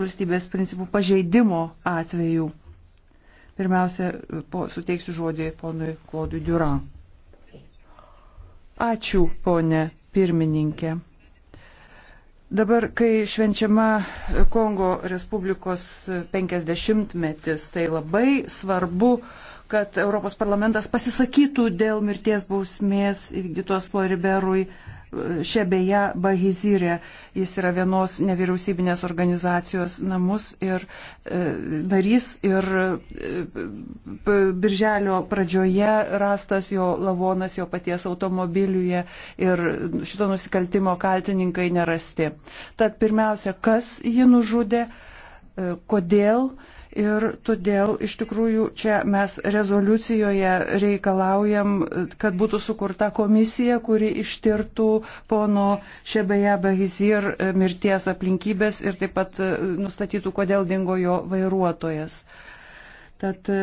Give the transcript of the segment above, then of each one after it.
valstybės principų pažeidimo atveju. Pirmiausia, po, suteiksiu žodį ponui Klodui Duran. Ačiū, ponė pirmininkė. Dabar, kai švenčiama Kongo Respublikos 50-metis, tai labai svarbu, kad Europos parlamentas pasisakytų dėl mirties bausmės įvykdytos Floriberui Šebeja Bahizirė. Jis yra vienos nevyriausybinės organizacijos namus ir e, narys ir e, birželio pradžioje rastas jo lavonas jo paties automobiliuje ir šito nusikaltimo kaltininkai nerasti. Tad pirmiausia, kas jį nužudė, e, kodėl Ir todėl iš tikrųjų čia mes rezoliucijoje reikalaujam, kad būtų sukurta komisija, kuri ištirtų pono Šebeja Bahizir e, mirties aplinkybės ir taip pat e, nustatytų, kodėl dingo jo vairuotojas. Tad e,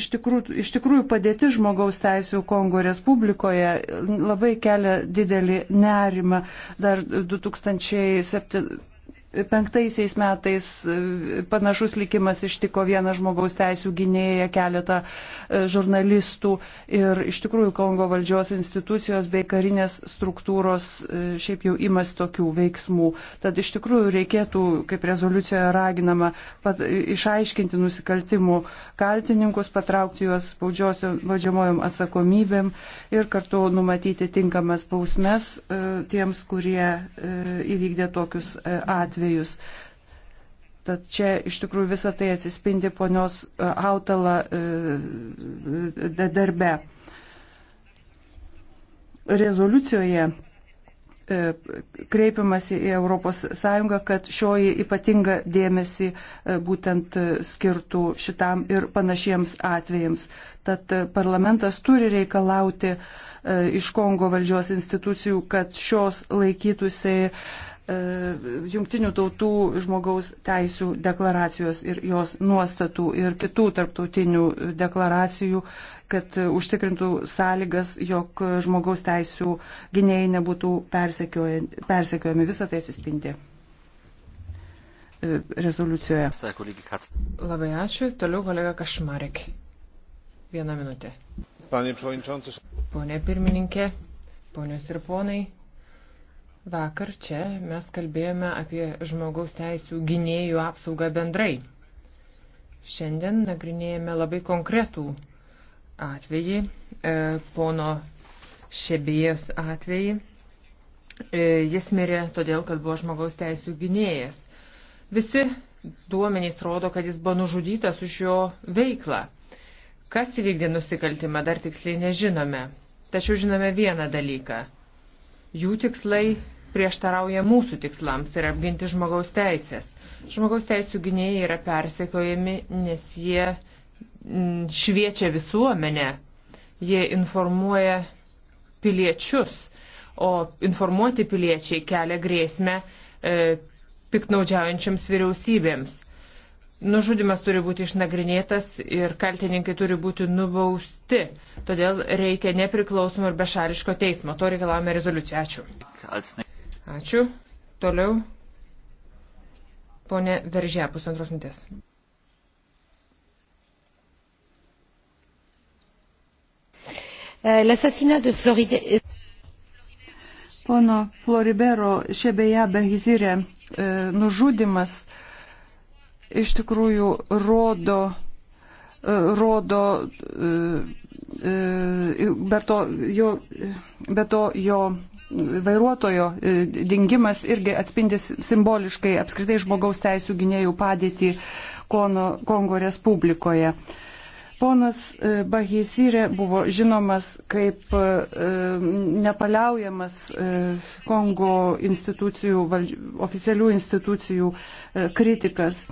iš tikrųjų, iš tikrųjų padėti žmogaus teisų Kongo Respublikoje labai kelia didelį nerimą. Dar 2007 Penktaisiais metais e, panašus likimas ištiko vieną žmogaus teisų gynėją, keletą e, žurnalistų ir iš tikrųjų Kongo valdžios institucijos bei karinės struktūros e, šiaip jau imasi tokių veiksmų. Tad iš tikrųjų reikėtų, kaip rezoliucijoje raginama, pat, išaiškinti nusikaltimų kaltininkus, patraukti juos baudžiamojom atsakomybėm ir kartu numatyti tinkamas bausmes tiems, kurie įvykdė tokius atvejus atvejus. Tad čia iš tikrųjų visą tai atsispindi ponios e, autalą e, darbe. Rezoliucijoje e, kreipiamasi į ES, kad šioji ypatinga dėmesį būtent skirtų šitam ir panašiems atvejams. Tad parlamentas turi reikalauti iš Kongo valdžios institucijų, kad šios laikytųsi E, Junktinių tautų žmogaus teisų deklaracijos ir jos nuostatų ir kitų tarptautinių deklaracijų, kad užtikrintų sąlygas, jog žmogaus teisų gynėjai nebūtų persekiojami. Visą tai atsispindi e, rezoliucijoje. Labai ačiū. Toliau kolega Kašmarek. Vieną minutę. Pone pirmininkė, ponios ir ponai. Vakar čia mes kalbėjome apie žmogaus teisų gynėjų apsaugą bendrai. Šiandien nagrinėjame labai konkretų atvejį, e, pono Šebėjos atvejį. E, jis mirė todėl, kad buvo žmogaus teisų gynėjas. Visi duomenys rodo, kad jis buvo nužudytas už jo veiklą. Kas įvykdė nusikaltimą, dar tiksliai nežinome. Tačiau žinome vieną dalyką. Jų tikslai prieštarauja mūsų tikslams ir apginti žmogaus teisės. Žmogaus teisų gynėjai yra persekiojami, nes jie mm, šviečia visuomenę, jie informuoja piliečius, o informuoti piliečiai kelia grėsmę e, piknaudžiaujančiams vyriausybėms. Nužudimas turi būti išnagrinėtas ir kaltininkai turi būti nubausti. Todėl reikia nepriklausomų ir bešališko teismo. To reikalavome rezoliuciją. Ačiū. Ačiū. Toliau. Pone Veržė, pusantros minutės. E, l'assassinat de Floride. Pono Floribero Šebeja Behizirė e, nužudimas iš tikrųjų rodo, e, rodo be to jo, be to jo vairuotojo e, dingimas irgi atspindis simboliškai apskritai žmogaus teisų gynėjų padėtį Kono, Kongo Respublikoje. Ponas e, Bahysirė buvo žinomas kaip e, nepaliaujamas Kongo institucijų, oficialių institucijų kritikas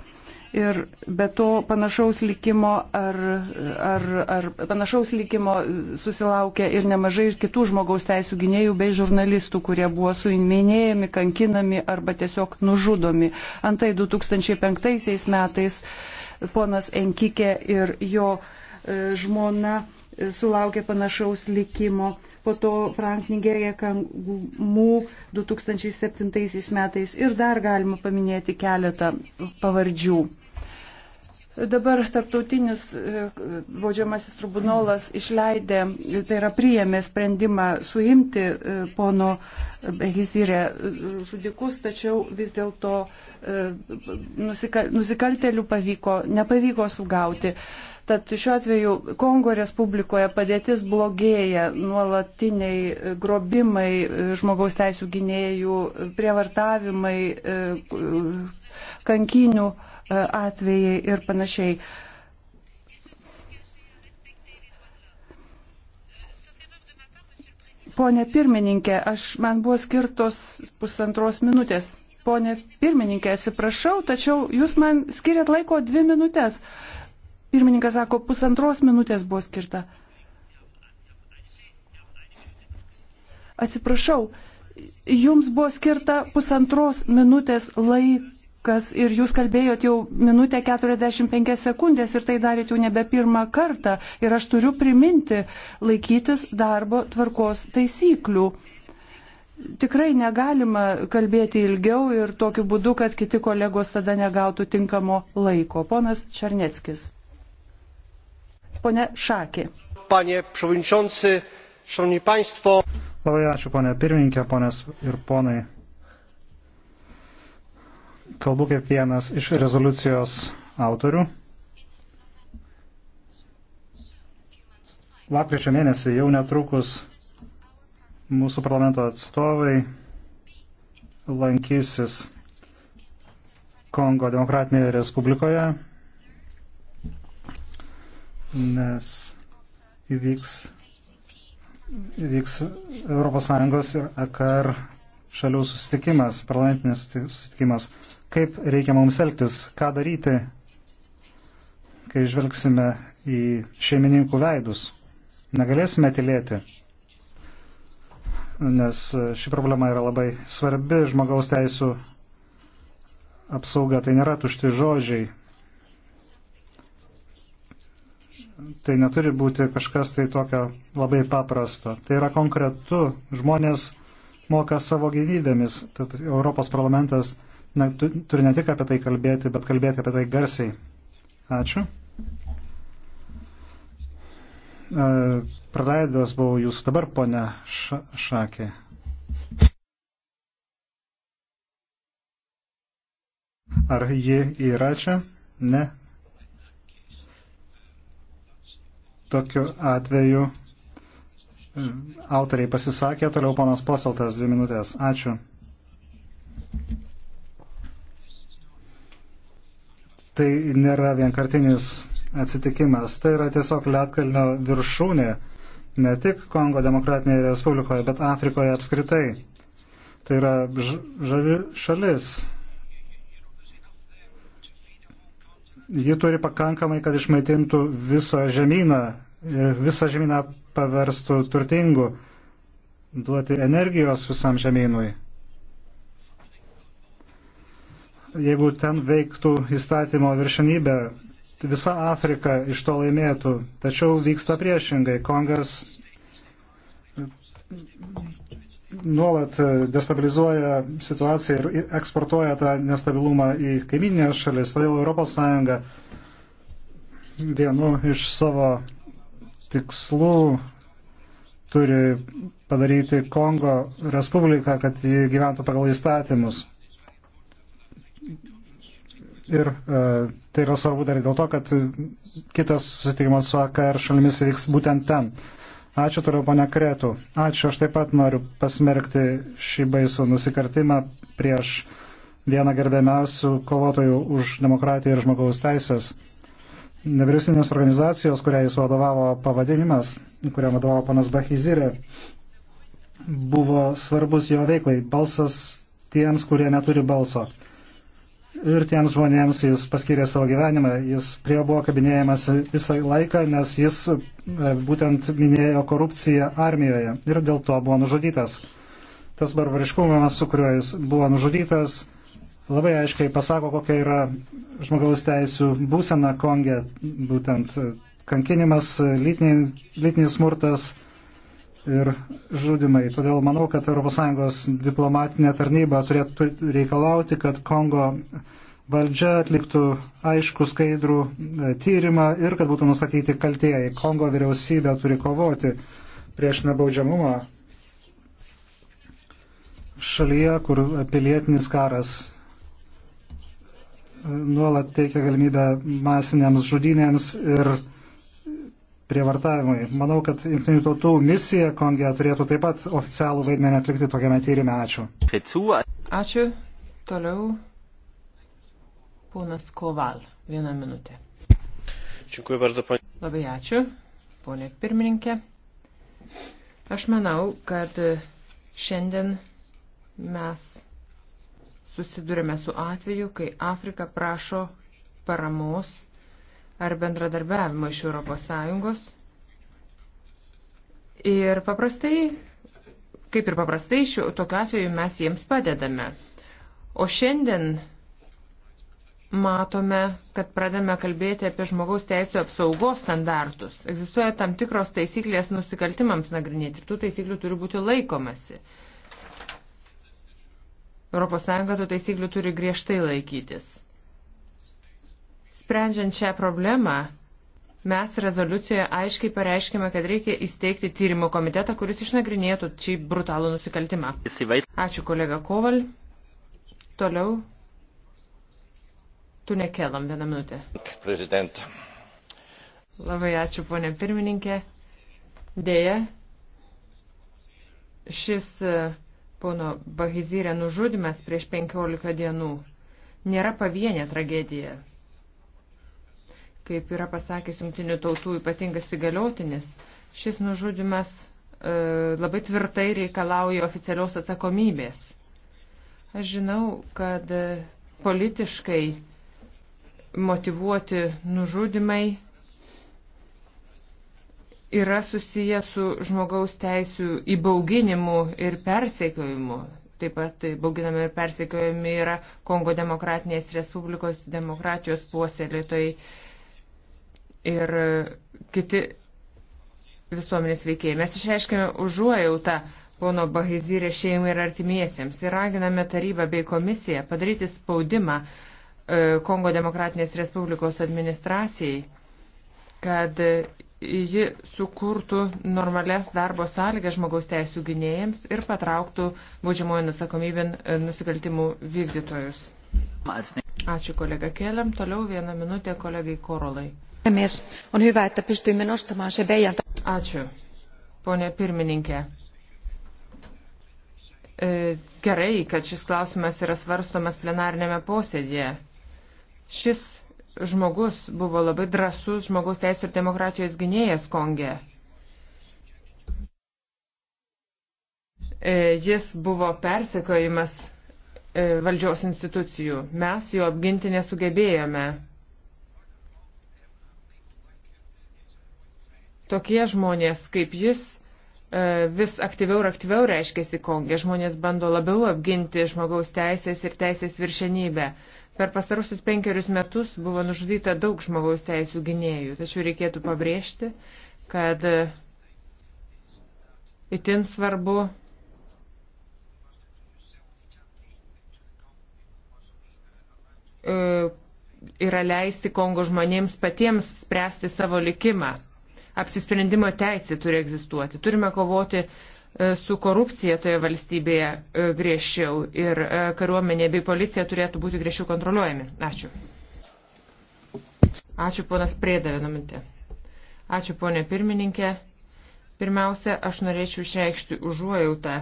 ir be to panašaus likimo ar, ar, ar panašaus likimo susilaukė ir nemažai ir kitų žmogaus teisų gynėjų bei žurnalistų, kurie buvo suiminėjami, kankinami arba tiesiog nužudomi. Antai 2005 metais ponas Enkikė ir jo e, žmona e, sulaukė panašaus likimo. Po to Frank Nigerija Kangumų 2007 metais ir dar galima paminėti keletą pavardžių. Dabar tarptautinis e, baudžiamasis tribunolas išleidė, tai yra priėmė sprendimą suimti e, pono Behizirė e, žudikus, tačiau vis dėlto nusikaltelių pavyko, nepavyko sugauti. Tad šiuo atveju Kongo Respublikoje padėtis blogėja, nuolatiniai grobimai, žmogaus teisų gynėjų, prievartavimai, kankinių E, atvejai ir panašiai. Pone pirmininkė, aš, man buvo skirtos pusantros minutės. Pone pirmininkė, atsiprašau, tačiau jūs man skiriat laiko dvi minutės. Pirmininkas sako, pusantros minutės buvo skirta. Atsiprašau, jums buvo skirta pusantros minutės laiko kas ir jūs kalbėjot jau minutę 45 sekundės ir tai darėt jau nebe pirmą kartą. Ir aš turiu priminti laikytis darbo tvarkos taisyklių. Tikrai negalima kalbėti ilgiau ir tokiu būdu, kad kiti kolegos tada negautų tinkamo laiko. Ponas Černeckis. Pone Šakė. Panie Šovinčiansi, Šauni Paistvo. Labai ačiū, ponė pirmininkė, ponės ir ponai kalbu kaip vienas iš rezoliucijos autorių. Lapkričio mėnesį jau netrukus mūsų parlamento atstovai lankysis Kongo Demokratinėje Respublikoje, nes įvyks, įvyks ES ir AKR šalių susitikimas, parlamentinis susitikimas kaip reikia mums elgtis, ką daryti, kai žvelgsime į šeimininkų veidus. Negalėsime tylėti, nes ši problema yra labai svarbi žmogaus teisų apsauga. Tai nėra tušti žodžiai. Tai neturi būti kažkas tai tokio labai paprasto. Tai yra konkretu. Žmonės moka savo gyvybėmis. Tad Europos parlamentas na, turi ne tik apie tai kalbėti, bet kalbėti apie tai garsiai. Ačiū. E, praleidęs buvau jūsų dabar, ponia Šakė. Ar ji yra čia? Ne. Tokiu atveju e, autoriai pasisakė, toliau ponas Poseltas dvi minutės. Ačiū. tai nėra vienkartinis atsitikimas. Tai yra tiesiog Lietkalnio viršūnė, ne tik Kongo demokratinėje Respublikoje, bet Afrikoje apskritai. Tai yra žavi šalis. Ji turi pakankamai, kad išmaitintų visą žemyną ir visą žemyną paverstų turtingu, duoti energijos visam žemynui jeigu ten veiktų įstatymo viršenybė, visa Afrika iš to laimėtų. Tačiau vyksta priešingai. Kongas nuolat destabilizuoja situaciją ir eksportuoja tą nestabilumą į kaiminės šalis. Todėl ES vienu iš savo tikslų turi padaryti Kongo Respubliką, kad ji gyventų pagal įstatymus. Ir e, tai yra svarbu dar dėl to, kad kitas susitikimas su AKR šalimis vyks būtent ten. Ačiū toliau, ponia Kretų. Ačiū, aš taip pat noriu pasmerkti šį baisų nusikartimą prieš vieną garbėmiausių kovotojų už demokratiją ir žmogaus teisės. Nevyriausybinės organizacijos, kuriai jis vadovavo pavadinimas, kuriam vadovavo panas Bahizirė, buvo svarbus jo veiklai, balsas tiems, kurie neturi balso ir tiems žmonėms jis paskyrė savo gyvenimą. Jis prie jo buvo kabinėjamas visą laiką, nes jis e, būtent minėjo korupciją armijoje ir dėl to buvo nužudytas. Tas barbariškumas, su kuriuo jis buvo nužudytas, labai aiškiai pasako, kokia yra žmogaus teisų būsena Konge, būtent kankinimas, lytinis smurtas, ir žudimai. Todėl manau, kad ES diplomatinė tarnyba turėtų reikalauti, kad Kongo valdžia atliktų aišku skaidrų e, tyrimą ir kad būtų nustatyti kaltieji. Kongo vyriausybė turi kovoti prieš nebaudžiamumą šalyje, kur pilietinis karas e, nuolat teikia galimybę masinėms žudynėms ir prievartavimui. Manau, kad jungtinių tautų misija Konge turėtų taip pat oficialų vaidmenį atlikti tokiame tyrimė. Ačiū. Ačiū. Toliau ponas Koval. Vieną minutę. Dziękuję bardzo, pani. Labai ačiū, ponė pirmininkė. Aš manau, kad šiandien mes susidurėme su atveju, kai Afrika prašo paramos ar bendradarbiavimo iš ES. Ir paprastai, kaip ir paprastai, šiuo tokiu atveju mes jiems padedame. O šiandien matome, kad pradame kalbėti apie žmogaus teisų apsaugos standartus. Egzistuoja tam tikros taisyklės nusikaltimams nagrinėti ir tų taisyklių turi būti laikomasi. ES tų taisyklių turi griežtai laikytis. Sprendžiant šią problemą, mes rezoliucijoje aiškiai pareiškime, kad reikia įsteigti tyrimo komitetą, kuris išnagrinėtų šį brutalų nusikaltimą. Ačiū kolega Koval. Toliau. Tu nekelam vieną minutę. Prezident. Labai ačiū, ponė pirmininkė. Deja, šis e, pono Bahizyrė nužudimas prieš 15 dienų nėra pavienė tragedija. Kaip yra pasakęs Junktinių tautų ypatingas įgaliotinis, šis nužudimas e, labai tvirtai reikalauja oficialios atsakomybės. Aš žinau, kad e, politiškai motivuoti nužudimai yra susiję su žmogaus teisų įbauginimu ir persekiojimu. Taip pat bauginami ir persekiojami yra Kongo demokratinės Respublikos demokratijos puoselėtojai ir e, kiti visuomenės veikėjai. Mes išreiškėme užuojautą pono Bahizirė šeimai ir artimiesiems ir raginame tarybą bei komisiją padaryti spaudimą e, Kongo Demokratinės Respublikos administracijai, kad e, ji sukurtų normales darbo sąlygas žmogaus teisų gynėjams ir patrauktų baudžiamojo nusakomybin nusikaltimų vykdytojus. Ačiū kolega Keliam. Toliau vieną minutę kolegai Korolai puhemies on hyvä että pystyimme nostamaan Sebejan Ačiū, ponė pirmininkė. E, gerai, kad šis klausimas yra svarstomas plenarinėme posėdėje. Šis žmogus buvo labai drasus žmogaus teisų ir demokratijos gynėjas Konge. E, jis buvo persekiojimas e, valdžios institucijų. Mes jo apginti nesugebėjome. Tokie žmonės kaip jis e, vis aktyviau ir aktyviau reiškėsi Kongė. Žmonės bando labiau apginti žmogaus teisės ir teisės viršenybę. Per pasarusius penkerius metus buvo nužudyta daug žmogaus teisų gynėjų. Tačiau reikėtų pabrėžti, kad e, itin svarbu e, yra leisti Kongo žmonėms patiems spręsti savo likimą. Apsisprendimo teisė turi egzistuoti. Turime kovoti e, su korupcija toje valstybėje e, griežčiau ir e, kariuomenė bei policija turėtų būti griežčiau kontroliuojami. Ačiū. Ačiū ponas Prėda vieną minutę. Ačiū ponė pirmininkė. Pirmiausia, aš norėčiau išreikšti užuojautą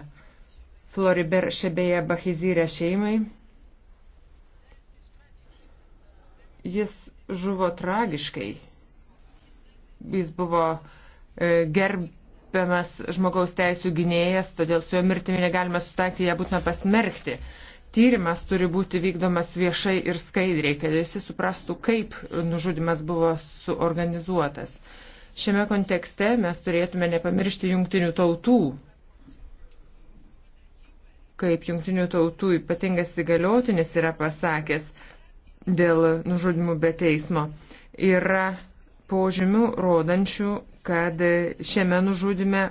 Floriber Šebėje Bahizyrė šeimai. Jis žuvo tragiškai jis buvo e, gerbiamas žmogaus teisų gynėjas, todėl su jo mirtimi negalime sustaikyti, ją būtina pasmerkti. Tyrimas turi būti vykdomas viešai ir skaidriai, kad visi suprastų, kaip nužudimas buvo suorganizuotas. Šiame kontekste mes turėtume nepamiršti jungtinių tautų, kaip jungtinių tautų ypatingas įgaliotinis yra pasakęs dėl nužudimų be teismo. Yra požymių rodančių, kad šiame nužudime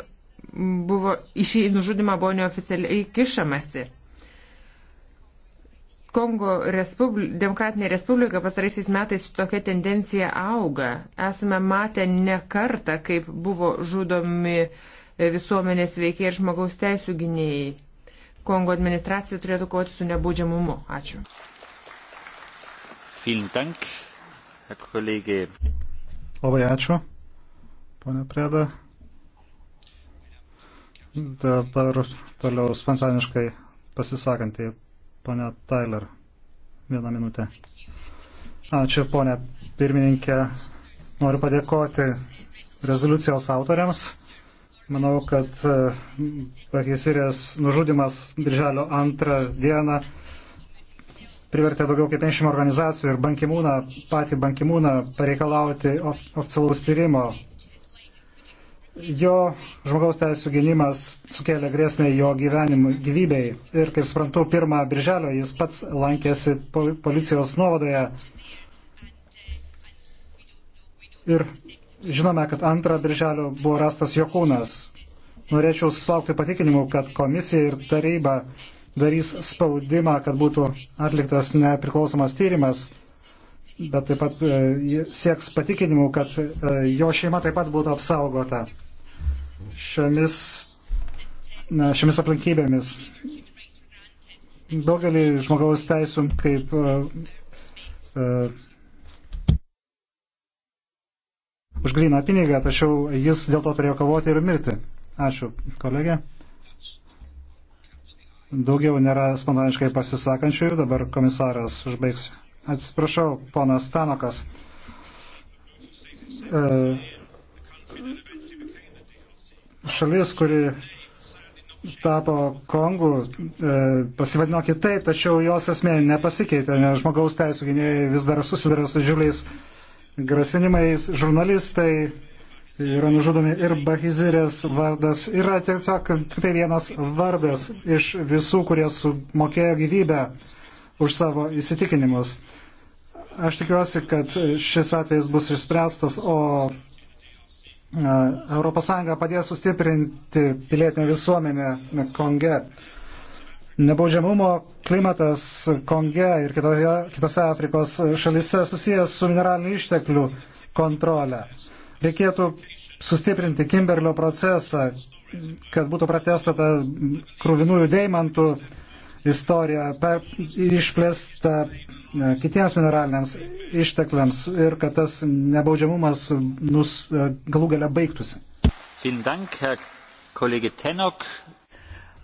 buvo, į šį nužudimą buvo neoficialiai kišamasi. Kongo Respubli, Demokratinė Respublika pasaraisiais metais tokia tendencija auga. Esame matę ne kartą, kaip buvo žudomi visuomenės veikiai ir žmogaus teisų gynėjai. Kongo administracija turėtų kovoti su nebaudžiamumu. Ačiū. Dank, Labai ačiū, ponia Preda. Dabar toliau spontaniškai pasisakantį ponia Tyler. Vieną minutę. Ačiū, ponia pirmininkė. Noriu padėkoti rezoliucijos autoriams. Manau, kad eh, Bakisirės nužudimas Birželio antrą dieną privertė daugiau kaip 50 organizacijų ir bankimūną, patį bankimūną pareikalauti of, oficialaus tyrimo. Jo žmogaus teisų gynimas sukėlė grėsmę jo gyvenimui, gyvybei. Ir kaip suprantu, pirmą birželio jis pats lankėsi po, policijos nuovadoje. Ir žinome, kad antrą birželio buvo rastas jo kūnas. Norėčiau susilaukti patikinimų, kad komisija ir taryba darys spaudimą, kad būtų atliktas nepriklausomas tyrimas, bet taip pat e, sieks patikinimų, kad e, jo šeima taip pat būtų apsaugota šiomis, šiomis aplinkybėmis. Daugelį žmogaus teisų kaip e, už gryną pinigą, tačiau jis dėl to turėjo kovoti ir mirti. Ačiū, kolegė. Daugiau nėra spontaniškai pasisakančiųjų, dabar komisaras užbaigs. Atsiprašau, ponas Stanokas. E, šalis, kuri tapo Kongu, e, pasivadino kitaip, tačiau jos esmė nepasikeitė, nes žmogaus teisų gynėjai vis dar susiduria su džiuliais grasinimais, žurnalistai yra nužudomi ir Bahizirės vardas. Yra tiesiog tik tai vienas vardas iš visų, kurie sumokėjo gyvybę už savo įsitikinimus. Aš tikiuosi, kad šis atvejis bus išspręstas, o ES padės sustiprinti pilietinę visuomenę Konge. Nebaudžiamumo klimatas Konge ir kitoje, kitose Afrikos šalise susijęs su mineralinių išteklių kontrolė. Reikėtų sustiprinti Kimberlio procesą, kad būtų pratestata krūvinųjų deimantų istorija, per, išplėsta e, kitiems mineraliniams ištekliams ir kad tas nebaudžiamumas nus, e, galų gale baigtųsi.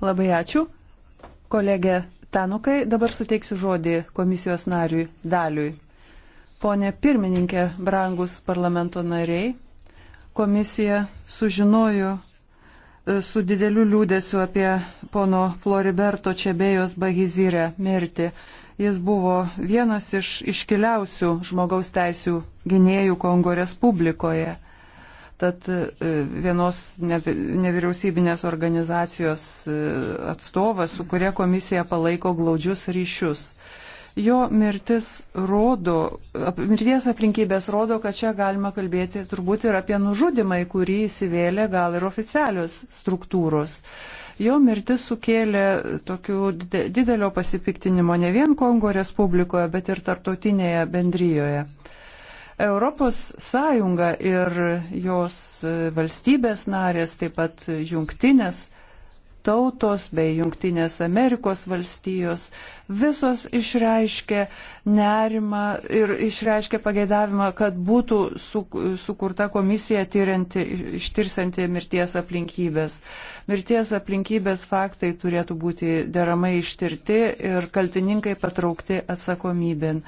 Labai ačiū. Kolegė Tanukai, dabar suteiksiu žodį komisijos nariui Daliui. Pone pirmininkė, brangus parlamento nariai, komisija sužinojo e, su dideliu liūdėsiu apie pono Floriberto Čebėjos Bahizirę mirtį. Jis buvo vienas iš iškiliausių žmogaus teisų gynėjų Kongo Respublikoje. Tad e, vienos nevyriausybinės organizacijos e, atstovas, su kuria komisija palaiko glaudžius ryšius. Jo mirtis rodo, mirties aplinkybės rodo, kad čia galima kalbėti turbūt ir apie nužudimą, į kurį įsivėlė gal ir oficialios struktūros. Jo mirtis sukėlė tokių didelio pasipiktinimo ne vien Kongo Respublikoje, bet ir tarptautinėje bendryjoje. Europos Sąjunga ir jos e, valstybės narės, taip pat jungtinės tautos bei Junktinės Amerikos valstijos visos išreiškė nerimą ir išreiškė pageidavimą, kad būtų sukurta komisija tyrianti, ištirsanti mirties aplinkybės. Mirties aplinkybės faktai turėtų būti deramai ištirti ir kaltininkai patraukti atsakomybėn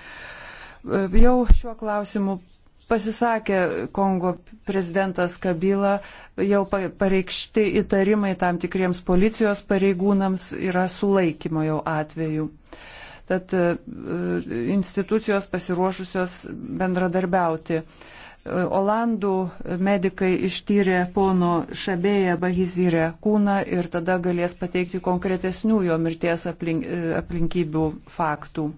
jau šiuo klausimu pasisakė Kongo prezidentas Kabila, jau pareikšti įtarimai tam tikriems policijos pareigūnams yra sulaikymo jau atveju. Tad e, institucijos pasiruošusios bendradarbiauti. E, Olandų medikai ištyrė pono Šabėje Bahizirė kūną ir tada galės pateikti konkretesnių jo mirties aplink, e, aplinkybių faktų.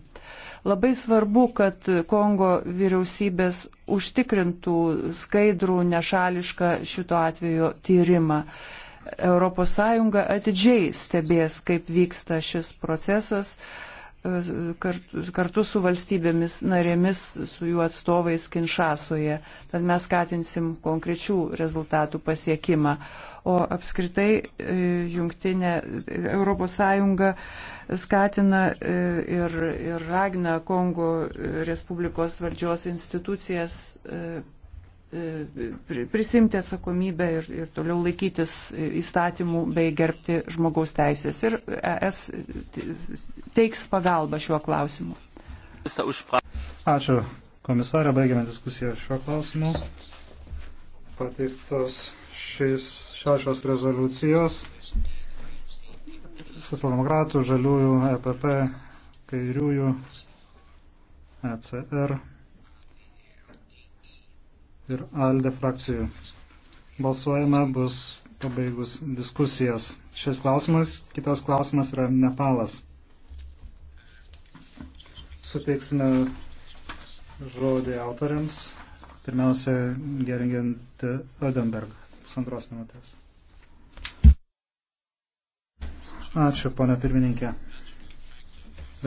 Labai svarbu, kad Kongo vyriausybės užtikrintų skaidrų, nešališką šito atveju tyrimą. ES atidžiai stebės, kaip vyksta šis procesas. Uh, kartu su valstybėmis narėmis, su jų atstovais Kinšasoje. Tad mes skatinsim konkrečių rezultatų pasiekimą. O apskritai e, jungtinė ES skatina e, ir, ir ragina Kongo Respublikos valdžios institucijas e, prisimti atsakomybę ir, ir toliau laikytis įstatymų bei gerbti žmogaus teisės. Ir ES teiks pagalbą šiuo klausimu. Ačiū komisarė, baigiame diskusiją šiuo klausimu. Pateiktos šis, šešios rezoliucijos socialdemokratų, žaliųjų, EPP, kairiųjų, ECR ir ALDE frakcijų. Balsuojama bus pabaigus diskusijas. Šis klausimas, kitas klausimas yra Nepalas. Suteiksime žodį autoriams. Pirmiausia, geringiant Odenberg. Pusantros minutės. Ačiū, ponia pirmininkė.